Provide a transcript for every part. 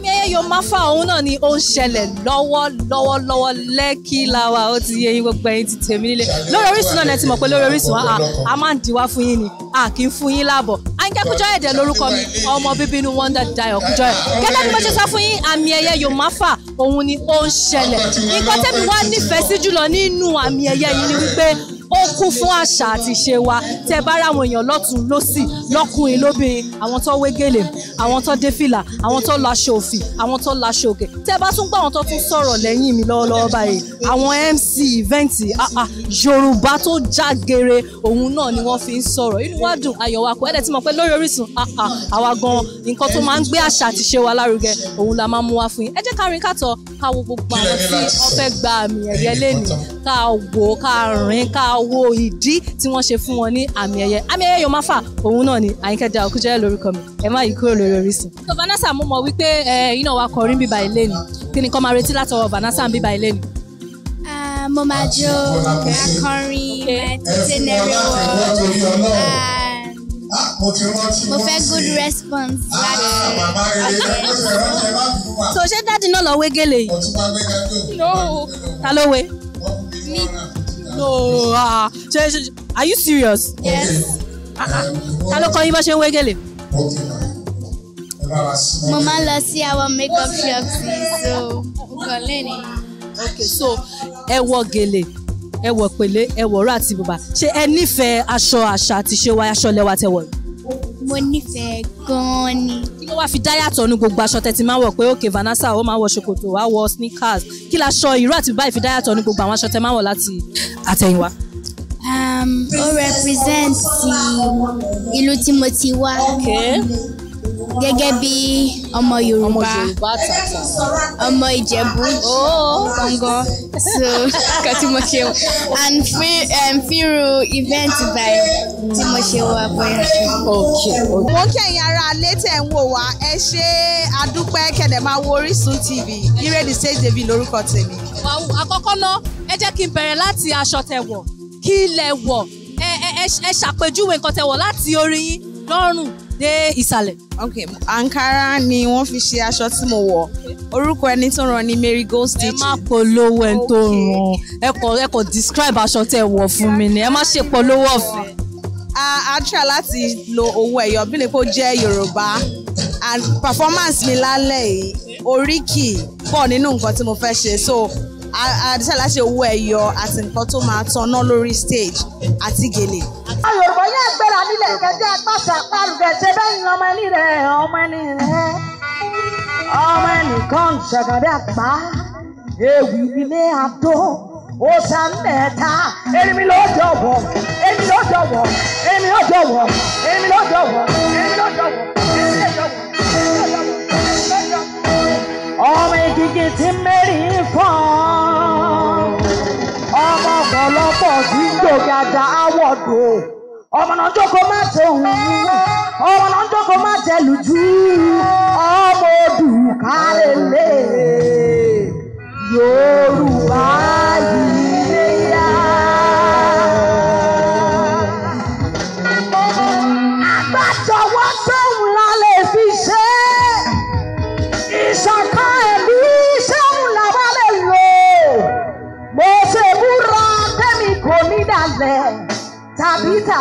Mami Eyomafa òun náà ni ó ń ṣẹlẹ̀ lọ́wọ́lọ́wọ́ lọ́wọ́ lẹ́kì làwà ó ti yẹ yín gbogbo ẹ̀yin ti tèmi nílé lórí Orísun náà ti mọ̀ pé lórí Orísun a a máa ń diwá fún yín ni a kì í fún yín láàbọ̀ Àyìnkẹ́ Kújọ́yè dẹ̀ lórúkọ mi ọmọ bíbí inú Wonder Dayo Kújọ́yè gẹ́gẹ́ bí mo ṣe sọ fún yín àmì ẹ̀yẹ Eyomafa òun ni ó ń ṣẹlẹ̀ nǹkan tẹ́mi wá nífẹ̀ẹ́ sí jùlọ nínú àmì ẹ̀yẹ yìí ni wípé ó kún fún àṣà àti ìṣe wa tẹ bá ráwọn èèyàn lọ́tún lọ́sì lọ́kùnrin lóbìnrin àwọn tó wé gèlè àwọn tó dé fìlà àwọn tó laṣọ òfì àwọn tó laṣọ òkè tẹ́ bá tún gbọ́ àwọn tó tún sọ̀rọ̀ lẹ́yìn mi lọ́wọ́lọ́wọ́ báyìí àwọn MC event ah, ah, Yorùbá tó já gere òun náà ni wọ́n fi ń sọ̀rọ̀ inú wa dùn ayọ̀ wa kò ẹ̀dẹ̀ tí mo pẹ́ lórí Orísun ah, àwa gan nǹkan tó máa ń gbé àṣà àti ṣe wa lárugẹ òun la máa mú wa fún yín ẹ jẹ́ ká rin kàtọ́ ká wo gbogbo àwọn tí wọ́n fẹ́ gba àmì ẹ̀yẹ lẹ́nu ká wò ká rìn ká wo ìdí tí wọ́n ṣe fún wọn ní àmì ẹ̀yẹ àmì ẹ̀yẹ Yorùbá fà òun náà náà ni Àyìnkẹ́ Daòkújẹ́ lórúkọ mi ẹ má yí kúrò lórí Orísun. so Vanessa mo mọ̀ wípé ẹ̀yin náà wà kọrin bíbá ilé ni kí ni kọ́ máa retí látọwọ́ Vanessa bíbá ilé ni. mo máa jó akọrin mẹtẹnẹrẹ wọ mo fẹ́ good response láti ọ̀dọ̀. so ṣé dáàdi náà lọ wé gèlè yìí. no ta ló wé. me. no ah uh, are you serious. yes. Okay ta ló kọ́ yín bá ṣe ń wé gèlè. mo máa ń lọ sí àwọn makeup shop so nǹkan lẹ́ni. ok so ẹ wọ gèlè ẹ wọ pèlé ẹ wọ ọ̀rọ̀ àti bùbá ṣé ẹ nífẹ̀ẹ́ aṣọ àṣà àti ṣé wa aṣọ lẹ́wà tẹ wọ̀. mo nífẹ̀ẹ́ gan-an ni. kí ló wá fi dá yàtọ̀ nu gbogbo aṣọ tẹ ti máa wọ̀ pé òkè Vanessa ó máa wọ ṣòkòtò á wọ sneakers kí la aṣọ ìró àti bùbá ìfi dá yàtọ̀ nu gbogbo àwọn aṣọ tẹ máa wọ̀ láti àtẹ̀yìnwá. Um, ó represent ìlú tí mo ti wá. Okay gẹ́gẹ́ bí ọmọ Yorùbá ọmọ Ìjẹ̀bú oh, gangan so nǹkan tí mo ṣe and um, fíru event by tí mo ṣe wà bóyá. mo kí ẹ̀yin ará alẹ́ tẹ̀ ń wò wá ẹ ṣe adúpẹ́ kẹ̀dẹ̀ máa wo Orísun TV Ire the stage David lórúkọ tèmi. àkọ́kọ́ náà ẹ jẹ́ kí n bẹ̀rẹ̀ láti aṣọ tẹ̀ kí lẹ wọ̀ ẹ ẹ ẹ ṣàpèjúwe nǹkan tẹ láti orí yín lọ́rùn dé ìsàlẹ̀. ok ankara ni wọ́n fi ṣe aṣọ tí mo wọ̀ orúkọ ẹni tó rán ni Mary Gold Stitches. ẹ má polówó ẹni tó rán ẹ kọ ẹ kọ describe aṣọ tẹ wọ̀ fún mi ni ẹ má ṣe polówó ọ̀fẹ́. a a try láti lo owó ẹ̀yọ́ bí lè kó jẹ́ Yorùbá and performance mi lálẹ́ yìí oríkì pọ̀ nínú nǹkan tí mo fẹ́ ṣe so àdìsá láti owó ẹyọ àti nǹkan tó máa tanná lórí stage àti gèlè. Yorùbá yẹn gbéra nílẹ̀ kẹjẹ́ àpàṣà pàrùkẹ́ ṣe bẹ́ẹ̀ ni ọmọ ẹni rẹ̀ ọmọ ẹni rẹ̀ ọmọ ẹnìkan ṣàgàdé àpá ewì ilé àdó osa mẹ́ta èmi ló jọ̀wọ́ èmi ló jọ̀wọ́ èmi ló jọ̀wọ́ èmi ló jọ̀wọ́ èmi ló jọ̀wọ́ èmi ọmọ ìkìkì tí mẹ́rin fọ́n. gàdá àwọ̀dù ọmọ náà jókòó má tẹ̀hún ọmọ náà jókòó má tẹ̀lùjú ọmọ òdù kárẹ̀lẹ̀ yóò.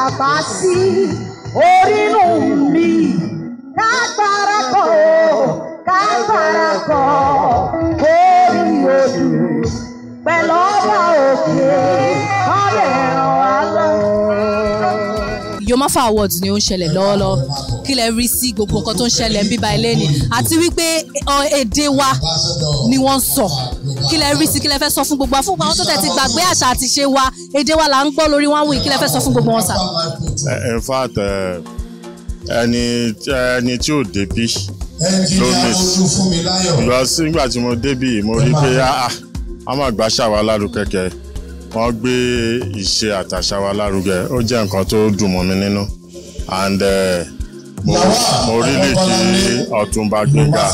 bàbá sí orínú mi lágbára. yomafa awards ni ó ń ṣẹlẹ̀ lọ́wọ́lọ́wọ́ kí lẹ rí sí gbogbo nǹkan tó ń ṣẹlẹ̀ ń bíbá ilé ni àti wípé èdè wa ni wọ́n ń sọ kí lẹ rí sí kí lẹ fẹ́ sọ fún gbogbo wa fún àwọn tó tẹ̀ gbàgbé àṣà àti ṣe wa èdè wa là ń gbọ́ lórí wọn wí kí lẹ fẹ́ sọ fún gbogbo wọn sà. Eh, in fact eh, ẹni ẹni tí ò débi ló miss nígbà tí mo débi mo rí pé ah, ah, a máa gbàṣà wa lárúkẹ́kẹ́ wọ́n gbé ìṣe àtàṣà wa lárugẹ ó jẹ́ nǹkan tó dùn mọ́ mi nínú and eh, mo rílì kí Ọ̀túnba Gbénga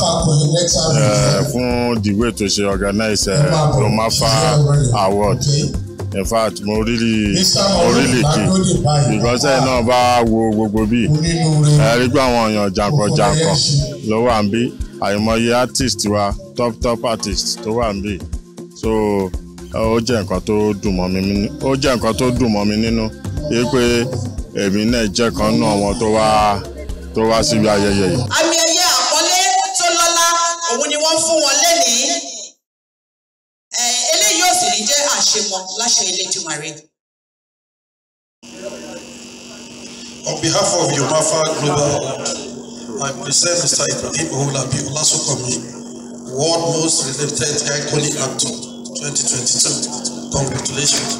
fún dìwé tó ṣe organize Lomafa eh, award in fact mo rílì mo rílì kí because ẹ̀ náà bá wo gbogbo bíi ẹ̀ rí pé àwọn èèyàn jàǹkànjàǹkàn ló wà ń bí àìmọye artist wa top top artist tó wà ń bí so ó jẹ́ nǹkan tó dùn mọ́ mi nínú ó jẹ́ nǹkan tó dùn mọ́ mi nínú yé pé èmi náà jẹ́ kan náà wọn tó wá tó wá síbi ayẹyẹ yìí. àmì ẹ̀yẹ àpọ́nlé tó lọ́lá òun ni wọ́n fún wọn lẹ́nìí eléyìí ò sì ní jẹ́ àṣemọ láṣẹ Elédùmarè. On behalf of Yomafa Global, I present Mr. Ibrahim Oulabi Olasokomi, world most respected iconic actor. 2022. Congratulations.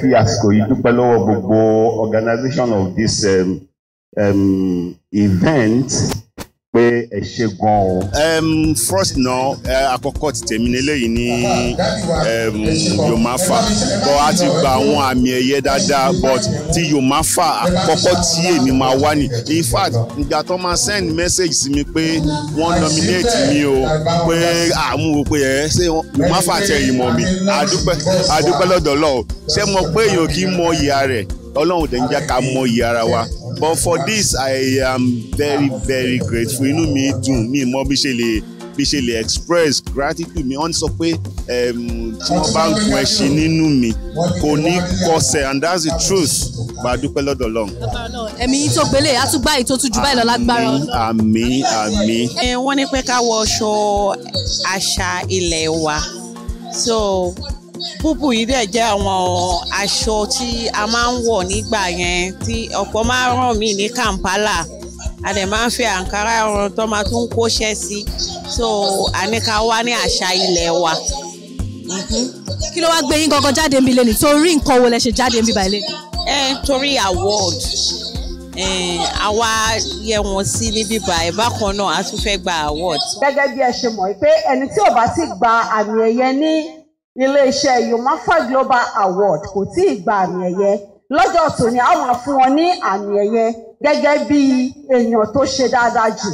Fi You yìí dúpẹ́ lọ́wọ́ gbogbo organization of this um, um, event. pé ẹ ṣe gan o. first náà àkọ́kọ́ ti tèmi níléyìí ní yomafa but a ti gba àwọn àmì ẹ̀yẹ dáadáa but ti yomafa àkọ́kọ́ tí èmi máa wá ní in fact ìgbà tó máa send message sí mi pé wọ́n nominate mi o pé àmú o pé ẹ ṣé yomafa tẹ ìmọ̀ mi àdúpẹ́ àdúpẹ́ lọ́dọ̀ lọ́wọ́ ṣé mo pé èèyàn kì í mọ ìyá rẹ̀ ọlọ́run dẹ̀ ń jẹ́ ká mọ iye ara wa but for this i am very very grateful inú mi dùn mi mọ bí ṣe lè bí ṣe lè express gratitude mi wọ́n sọ pé tí wọ́n bá ń gun ẹṣin nínú mi kò ní kọsẹ̀ and that's the truth gbàdúpẹ́ lọ́dọ̀ lọ́hùn. ẹ̀mí yìí tó gbélé àtúgbà yìí tó tún jù báyìí lọ lágbára. àmín wọ́n ní pé ká wọ àṣà ilé wa so búbù yìí dẹ̀ jẹ́ àwọn aṣọ tí a máa ń wọ̀ nígbà yẹn tí ọ̀pọ̀ máa ń ràn mí ní Kampala a dẹ̀ máa ń fi àǹkárá ọ̀run tó máa tún kóṣẹ́ sí so àníkà wá ní àṣà ilẹ̀ wa. Mm-hmm. kí ló wá gbé yín gangan jáde níbi lẹ́nu torí nǹkan wo lẹ ṣe jáde níbi báyìí lẹ́nu. ẹ torí award àwa yẹ wọn sí níbí báyìí bákan náà a tún fẹ́ gba award. gẹ́gẹ́ bí ẹ ṣe mọ̀ pé ẹni tí ò bá ti gba àmì ẹ̀yẹ ní iléeṣẹ́ yomafa global award kò tí ì gba àmì ẹ̀yẹ lọ́jọ́ tòní a máa fún wọn ní àmì ẹ̀yẹ gẹ́gẹ́ bí èèyàn tó ṣe dáadáa jù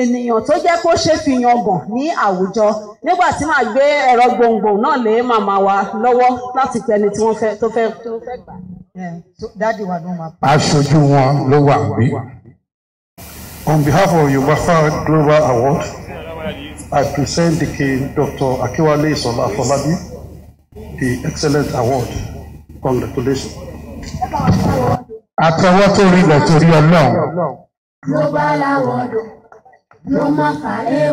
ènìyàn tó jẹ́ kó ṣe fi yangàn ní àwùjọ nígbà tí màá gbé ẹ̀rọ gbohùngbohùn náà lé màmá wa lọ́wọ́ láti pẹni tí wọ́n fẹ́ tó fẹ́ gbà. dáàdi wa ló aṣojú wọn ló wà wí. On behalf of Yorubafa Global Award, I present the king Dr. Akiwale Isola Afolabi the excellent award congratulations. àtẹwọ́ tó rí ilẹ̀ torí ọlọ́run. ló bá láwọ̀ dùn ló má kàlẹ́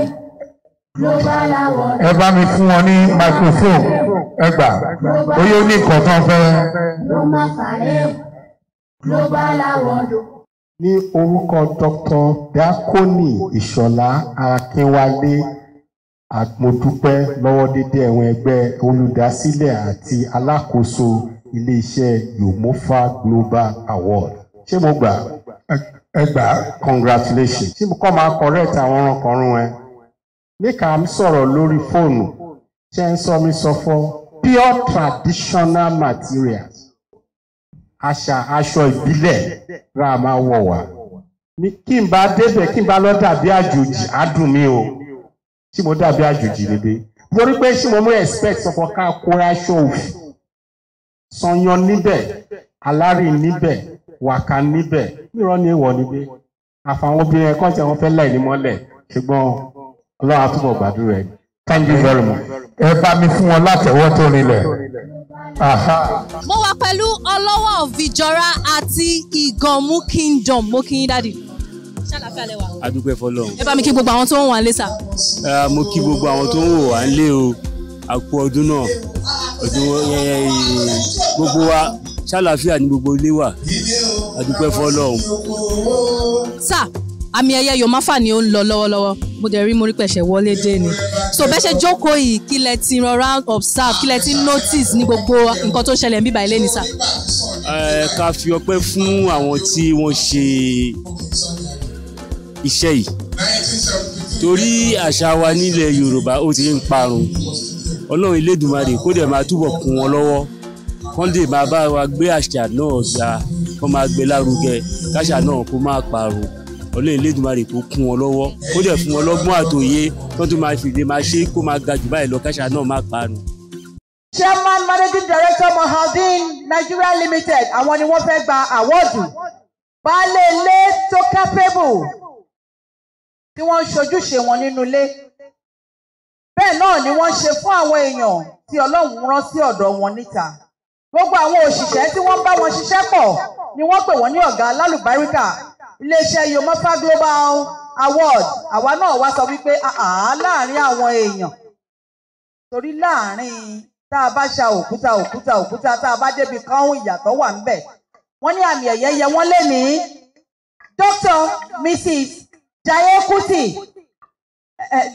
ló bá láwọ̀ dùn. ẹ bá mi fún wọn ní microphone ẹ gbà oyè ó ní kọ̀ọ̀kan fẹ́. ló má kàlẹ́ ló bá láwọ̀ dùn. ní orúkọ Dr. Dakoni Ìṣọ̀lá Akínwálé àmọdúpẹ́ lọ́wọ́ dédé àwọn ẹgbẹ́ olùdásílẹ̀ àti alákòóso iléeṣẹ́ yomofa global award ṣé mo gbà ẹ gbà congratulations ṣé mo kọ́ máa correct àwọn ọ̀rànkọ̀rún ẹ níka mi sọ̀rọ̀ lórí fóònù ṣé ń sọ mi sọ fọ́ pure traditional materials àṣà aṣọ ìbílẹ̀ ra máa wọ̀ wá kí n bá débẹ̀ kí n bá lọ dàbí àjòjì á dùn mí o tí mo dàbí àjòjì níbí mo rí pé tí mo mú expect ọkọ ká kóra aṣọ òfì sanyan níbẹ̀ alárì níbẹ̀ wàkà níbẹ̀ nírọ̀ ní èèwọ̀ níbẹ̀ àfàwọn obìnrin ẹ̀kọ́ tí wọ́n fẹ́ láì ní mọ́lẹ̀ ṣùgbọ́n ọlọ́run gbàdúrà ẹ̀ thank you very much. ẹ bá mi fún wọn látẹ̀wọ́ tó rinlẹ̀. mo wà pẹ̀lú ọlọ́wọ́ Vijora àti Ìgànmú Kingdom mo kí yín dáàdi ṣàlàfẹ́ alẹ́ wa. adúpẹ́ fọlọ́run. ẹ bá mi kí gbogbo àwọn tó ń wà ń lé sà. mo kí gbogbo àwọn tó ń wò wá ń lé o a kú ọdún náà ọdún gbogbo wa ṣàlàfíà ní gbogbo ilé wa adúpẹ́ fọlọ́run. sà àmì ẹ̀yẹ yomafa ni ó ń lọ lọ́wọ́lọ́wọ́ mo dẹ̀ rí mo wọlé dé ni so bẹ́ẹ̀ ṣe jókòó yìí kí lẹ ti rọra observe kí lẹ ti notice ní gbogbo nǹkan tó ṣẹlẹ̀ bíbá ilé ni sà. ká fi ọpẹ́ fún àwọn tí wọ́n ṣe iṣẹ́ yìí torí àṣà wa nílẹ̀ Yorùbá ó ti ń parun Ọlọ́run Elédùmarè kó dẹ̀ máa túbọ̀ kún wọn lọ́wọ́ kán lè máa bá wa gbé àṣà náà ga kán máa gbé lárugẹ káṣà náà kó máa parun Ọlọ́run Elédùmarè kó kún wọn lọ́wọ́ kó dẹ̀ fún wọn lọ́gbọ́n àtòyé kán tó máa fìdí máa ṣe kó máa ga jù báyìí lọ káṣà náà máa parun. Chairman Managing Director Mohaldeen Nigeria Limited àwọn ni wọ́n fẹ́ gba àwọ́dù baálé ilé tó capable tí wọ́n ń ṣojúṣe wọn nínú ilé bẹ́ẹ̀ náà ni wọ́n ṣe fún àwọn èèyàn tí Ọlọ́run rán sí ọ̀dọ̀ wọn níta gbogbo àwọn òṣìṣẹ́ tí wọ́n bá wọn ṣiṣẹ́ pọ̀ ni wọ́n pè wọ́n ní ọ̀gá alálùbáríkà iléeṣẹ́ yomofa global award àwa náà wá sọ wípé láàrin àwọn èèyàn torí láàrin tá a bá ṣa òkúta òkúta òkúta tá a bá débi kan ohun ìyàtọ̀ wà ńbẹ̀ wọ́n ní àmì ẹ̀yẹ yẹ wọ́n lé ní Dr. Mrs. Jaiye Kuti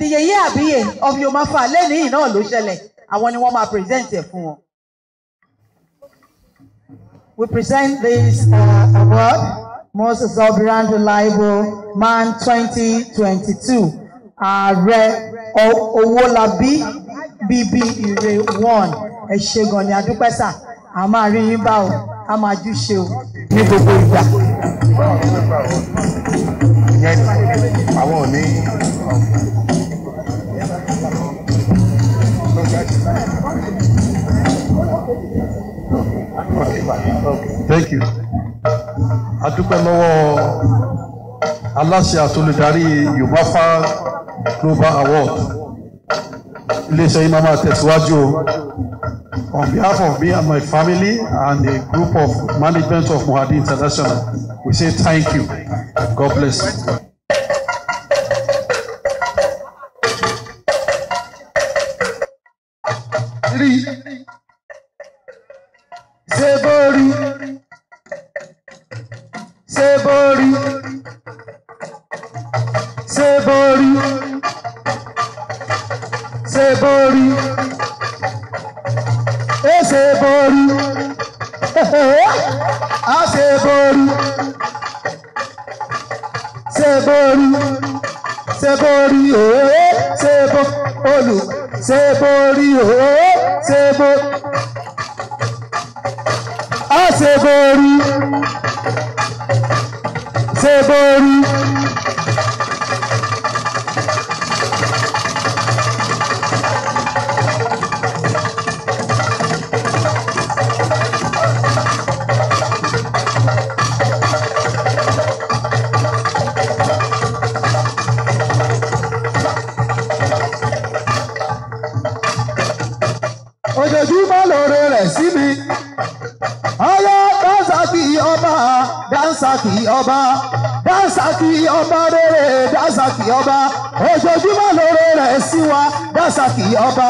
Yèyé Àbíyè of Yomafa lẹ́nu yìí náà ló ṣẹlẹ̀ àwọn ni wọ́n máa present ẹ̀ fún wọn. We present this uh, award, Most Exuberant Reliable Man 2022, Ààrẹ Owólabí Bíbí Ire won. Ẹ ṣé gan ni a dúpẹ́ sà, a máa rí yín bá a máa júṣe o ní gbogbo ìgbà. Thank you. A dúpẹ́ lọ́wọ́ aláṣẹ àtolùdarí Yorùbá Fan Global Award. Iléeṣẹ́ yìí máa máa tẹ̀síwájú o. On behalf of me and my family and a group of management of Muhadi International. We say thank you. God bless you. rí ṣé bó Basaki ọba ojoojúmọ́ lóore rẹ̀ sí wa Basaki ọba.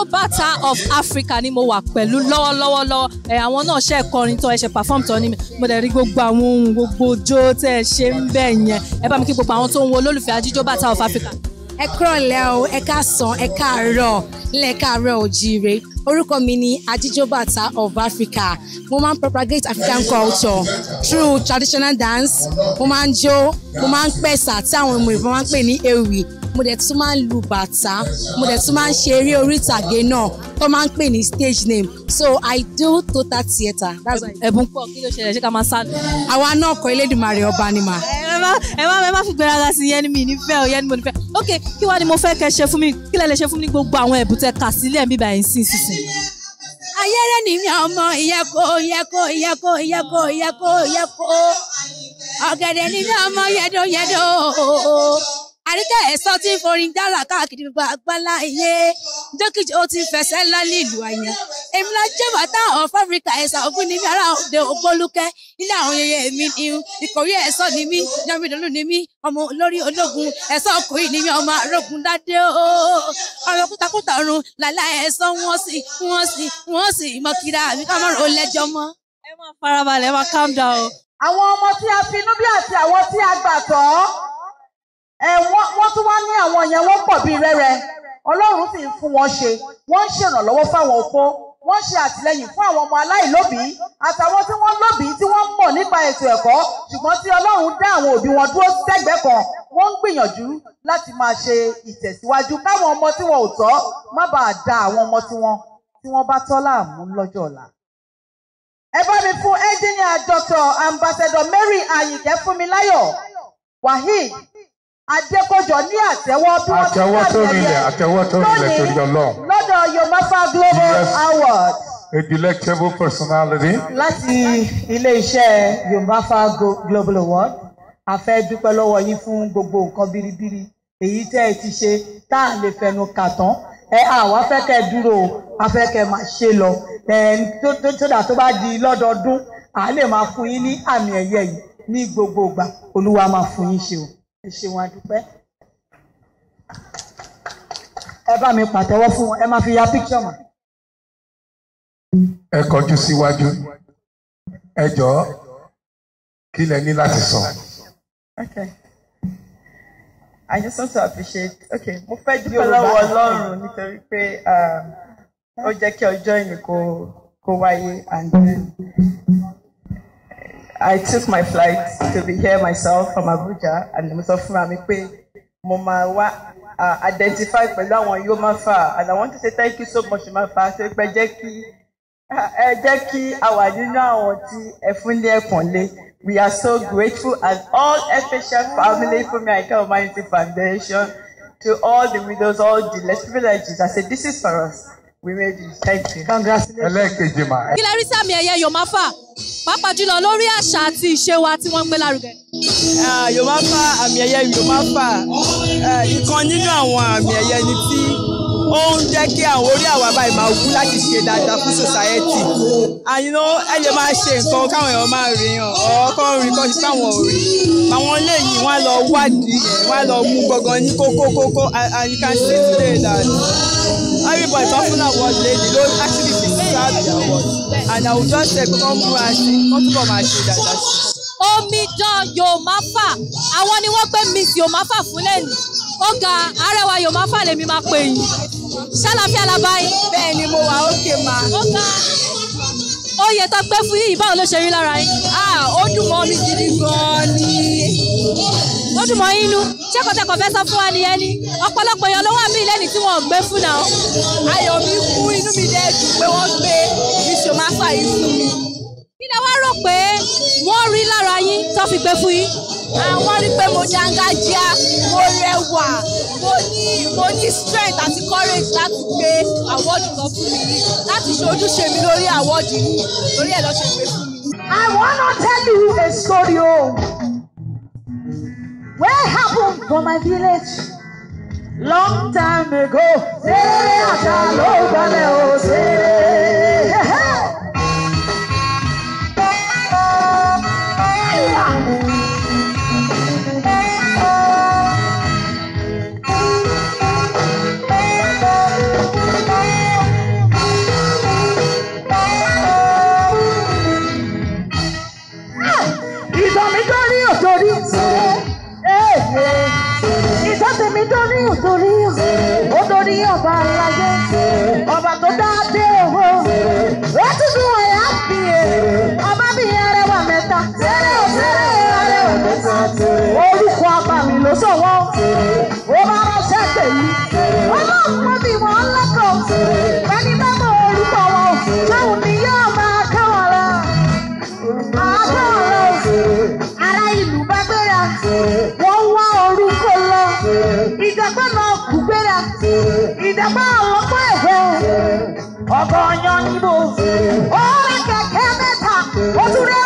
Abeokuta of Africa ni mo wà pẹ̀lú lọ́wọ́lọ́wọ́ lọ ẹ̀ àwọn náà ṣe kọrin tán ẹ ṣe perform tán ni mo dẹ̀ rí gbogbo àwọn ohun gbogbo ojó tẹ́ ẹ ṣe ń bẹ̀ yẹn ẹ bá mi kí gbogbo àwọn tó ń wo olólùfẹ́ Abeokuta of Africa. ẹ kúrọ̀lẹ́ o ẹ káàsán ẹ káàárọ̀ ńlẹ̀ káàárọ̀ òjíire orúkọ mi ni Abeokuta of Africa mo máa ń propagate African culture through traditional dance mo máa ń jó mo máa ń pẹ̀sà tí àwọn ọmọ Yorùbá máa ń pè ní ewì mo dẹ̀ tún máa ń lu bàtà mo dẹ̀ tún máa ń ṣe eré orí náà tó máa ń pè ní stage name so I do total theatre. ẹ̀bùn pọ̀ kí ló ṣẹlẹ̀ ṣé ká máa sá lọ. àwa náà kọ Elédùmarè ọba ni mà. ẹ má ẹ má ẹ má fi gbéraga sí yẹn ni mi nífẹ̀ o yẹn ni mo nífẹ̀ ok kí wàá ni mo fẹ́ kẹ́ ṣe fún mi kí lẹ́ lè ṣe fún mi ní gbogbo àwọn ẹ̀bùn tẹ kà sílẹ̀ mi báyìí sí sísìn ayẹ́rẹ́ ni mi ọmọ ìyẹ́kó ìyẹ́kó ìyẹ́kó ìyẹ́kó ìyẹ́kó ìyẹ́kó ọ̀gẹ̀dẹ̀ ni mi ọmọ yẹ́dó yẹ́dó àríkẹ́ ẹ̀sọ́ tí ń forin dára káàkiri gbogbo àgbálá iye dókítà ó ti fẹsẹ̀ ńlá ní ìlú àyàn èmi la jẹ́ bàtà of Africa ẹ̀sọ́ ògùn ní mi ará òde ògbólúkẹ́ ilé àwọn yẹyẹ mi ni ìkórè ẹ̀sọ́ ni mí yọmídọ́lù ni mí ọmọ olórí ológun ẹ̀sọ́ ọkùnrin ni mí ọmọ arógun dádé o ọmọ kútakúta ọ̀run làlá ẹ̀sọ́ wọ́n sì wọ́n sì wọ́n sì mọ kíra àbí ká mọ̀rọ̀ lẹ́jọ́ mọ́. ẹ máa farabalẹ̀ ẹ máa calm down. àwọn ọmọ tí a finú bí àti àwọn tí a gbà tọ́ ẹ wọ́n wọ́n tún wá ní àwọn yẹn wọ́n pọ̀ bíi rẹ́rẹ́ ọlọ́run sì ń fún wọn ṣe wọ́n ń ṣèrànlọ́wọ́ fáwọn opó wọ́n ṣe àtìlẹ́yìn fún àwọn ọmọ aláìlóbìí àtàwọn tí wọ́n lóbìí tí wọ́n mọ̀ nípa ètò ẹ̀kọ́ ṣùgbọ́n tí ọlọ́run dá àwọn òbí wọn dúró sẹ́gbẹ̀ẹ́ kan wọ́n ń gbìyànjú láti máa ṣe ìtẹ̀síwájú káwọn ọmọ tí wọn ò tọ́ má bàa da àwọn ọmọ tí wọn tí wọ́n bá tọ́ láàmú lọ́jọ́ ọ̀la. ẹ bá mi fún ẹ́ńjìnìà Dr. Ambassador Mary Àyìnkẹ́ Fúnmiláyọ̀ Wahid. Adékòjọ ní àtẹ́wọ́ bí wọ́n ti wá ní ẹ̀yẹ. Àtẹ́wọ́ tó rinlẹ̀ torí Ọlọ́run. Lọ́dọ̀ Yomafa Global yes. Award. A delectable personality. Láti ilé-iṣẹ́ Yomafa Global Award, a fẹ́ dúpẹ́ lọ́wọ́ yín fún gbogbo nǹkan biribiri èyí tẹ́ ẹ ti ṣe tá a lè fẹnu kà tán ẹ àwa fẹ́ kẹ́ dúró a fẹ́ kẹ́ máa ṣe lọ ẹ tódà tó bá di lọ́dọọdún à lè máa fún yín ní àmì ẹ̀yẹ yìí ní gbogbo ìgbà Olúwa máa fún yín ṣe o ẹ ṣeun àdúpẹ́ ẹ bá mi pàtẹ́wọ́ fún wọn ẹ máa fi ya picture mọ́. ẹ kọjú síwájú ẹ jọ̀ọ́ kí lẹ ní láti sọ. Okay. I just want to appreciate okay mo fẹ́ dúpẹ́ lọ́wọ́ Ọlọ́run nítorí pé ah, ó jẹ́ kí ọjọ́ ìní kó wáyé and then. I took my flight to be here myself from Abuja and Mr. sọ fúnra wá identify pẹ̀lú àwọn yóò máa fà and I want to say thank you so much to my pastor pé jẹ́ kí ẹ jẹ́ kí a wà nínú àwọn tí ẹ fún ní lé we are so grateful and all special family from the Ike Foundation to all the widows all the less privileged I say this is for us. We made it. Thank you. Congratulations. Ẹlẹ́ẹ̀kejì mà. Kí lẹ rí sàmì ẹ̀yẹ Yomafa? Pàápàá jùlọ lórí àṣà àti ìṣe wa tí wọ́n ń gbé lárugẹ. Yomafa àmì ẹ̀yẹ Yomafa ìkan nínú àwọn àmì ẹ̀yẹ ni tí ó ń jẹ́ kí àwọn orí àwa báyìí máa wú láti ṣe dáadáa fún society and you know ẹ lè máa ṣe nǹkan káwọn èèyàn máa rí yàn ọkọ rí kọ́ sí káwọn ò rí àwọn eléyìí wọ́n á lọ wádìí yẹn wọ́n á lọ mú gbọ̀ngàn ní kókókókó and you can see today that everybody tó fún àwọn lady ló actually dey serve their word and i will just say come kókó múra sí kókó túbọ̀ máa ṣe dáadáa sí. omidan yomafa àwọn ni wọ́n pè miss yomafa fúnlẹ̀ ní ọ̀gá arẹwà yomafa lèmi máa pè yín ṣàlàfíà la báyìí. bẹ́ẹ̀ ni mo wà ókè ma. ó ga oyè tó gbé fún yìí báwo ló ṣe rí lára yín. ó dùn mọ́ mi gidi gan-an ni. ó dùn mọ́ inú ṣẹ́kọ̀tẹ́kọ̀ fẹ́ sọ fún wa nìyẹn ni ọ̀pọ̀lọpọ̀ èèyàn ló wà mí lẹ́ni tí wọ́n gbé fún náà. ayọ̀ mi kú inú mi dẹ́ dùn pé wọ́n gbé iṣu máa fà yìí fún mi. kí lẹ wá rò pé wọ́n rí lára yín tó fi gbé fún yín. àwọn rí mo dángájíá mo rẹwà mo ní mo ní strength àti courage láti gbé awọ́ọ̀dù lọ fún mi láti ṣe ojúṣe mi lórí awọ́ọ̀dù yìí lórí ẹ̀ lọ́ ṣe gbé fún mi. I wanna tell you a story o oh. wey happen for my village long time ago. Ṣé àṣà ló gbalẹ̀ o ṣe? mi dórí òdòrí òdòrí ọba aláyé ọba tó dá dé owó ètùtù ẹ̀yà bìyẹ e. ọba bìyẹ arẹwà mẹ́ta tẹ́lẹ̀ òtẹ́lẹ̀ arẹwà mẹ́ta orúkọ ọba mi ló sọ̀wọ́ ó bá ránṣẹ́ tèmi ọlọ́run mi wọ́n lọ́kọ̀ọ́. ìjàmbá ọlọ́pọ̀ ẹ̀fẹ́ ọgọ́ yan níbo ó rí kẹ̀kẹ́ mẹ́ta ó tún rẹ́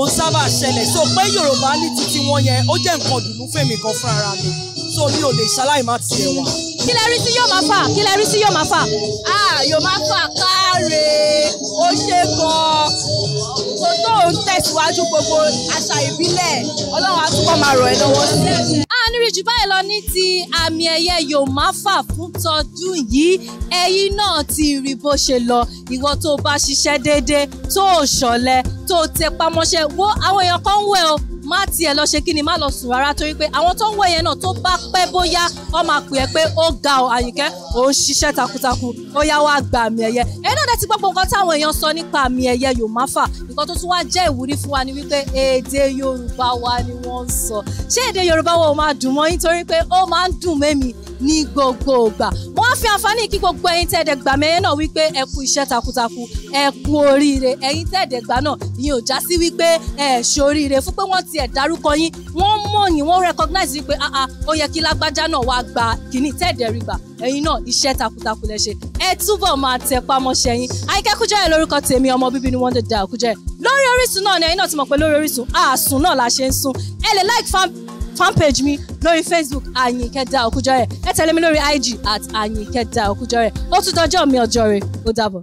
kò sábà ṣẹlẹ̀ so pé yorùbá ní títí wọn yẹn ó jẹ́ nǹkan dùnú fèmí kan fún ara mi so mi ò lè ṣaláì má tiẹ̀ wá. kí lẹ rí sí yóò máa fà kí lẹ rí sí yóò máa fà. a ah, yóò máa fà káre ó ṣe gan-an kò tó ń tẹ̀síwájú gbogbo àṣà ìbílẹ̀ ọlọ́run á túbọ̀ máa rọ̀ ẹ́ lọ́wọ́ sí jù báyìí lọ ní ti àmì ẹ̀yẹ Yomafa fún tọdún yìí ẹ̀yin náà ti rí bó ṣe lọ ìwọ tó bá ṣiṣẹ́ déédéé tó ṣọ̀lẹ tó tẹpá mọ́ṣẹ́ wo àwọn èèyàn kan ń wẹ̀ o má tiẹ̀ lọ ṣe kí ni má lọ sùn rárá torí pé àwọn tó ń wọ yẹn náà tó bá pẹ́ bóyá wọ́n máa pè é pé ó ga ọ àyìnkẹ́ ò ń ṣiṣẹ́ takuntakun ó yá wá gba àmì ẹ̀yẹ ẹ̀yin náà ti gbọ́pọ̀ nǹkan táwọn èèyàn sọ nípa àmì ẹ̀yẹ Yomafa nǹkan tó tún wá jẹ́ ìwúrí fún wa ni wípé èdè Yorùbá wa ni wọ́n ń sọ ṣé èdè Yorùbá wa ò máa dùn mọ́ yín pé ó máa ń dùn mẹ́mi ní gbogbo ìgbà mo wá fi àǹfààní kí gbogbo ẹ̀yin tẹ́ẹ̀dẹ̀ gbà mẹ́yẹn náà wípé ẹ kú iṣẹ́ takuntakun ẹ kú oríire ẹ̀yin tẹ́ẹ̀dẹ̀ gbà náà ìyẹn ò já sí wípé ẹ ṣoríire fún pé wọ́n tiẹ̀ dárúkọ yín wọ́n mọ̀ yín wọ́n recognize wípé ah ah ó yẹ kí lágbájá náà wá gba kìíní tẹ́ẹ̀dẹ̀ rí gbà ẹ̀yin náà iṣẹ́ takuntakun lẹ ṣe ẹ túbọ̀ máa tẹ pamọ́ṣẹ́ yín Àyìnkẹ́ Kújẹ́rẹ́ lórúkọ tèmi ọmọ bíbí ni wọ́n ń dà Kújẹ́rẹ́ lórí Orísun náà ni ẹ̀yin náà ti mọ̀ pé lórí Orísun àásùn náà la ṣe ń sún ẹ lè like fan page mi lórí facebook àyìnkẹ́ dá òkújọ́rẹ̀ ẹ tẹ̀lé mi lórí ig at àyìnkẹ́ dá ó tún dọjọ́ mi ọjọ́ rẹ̀ ó dàbọ̀.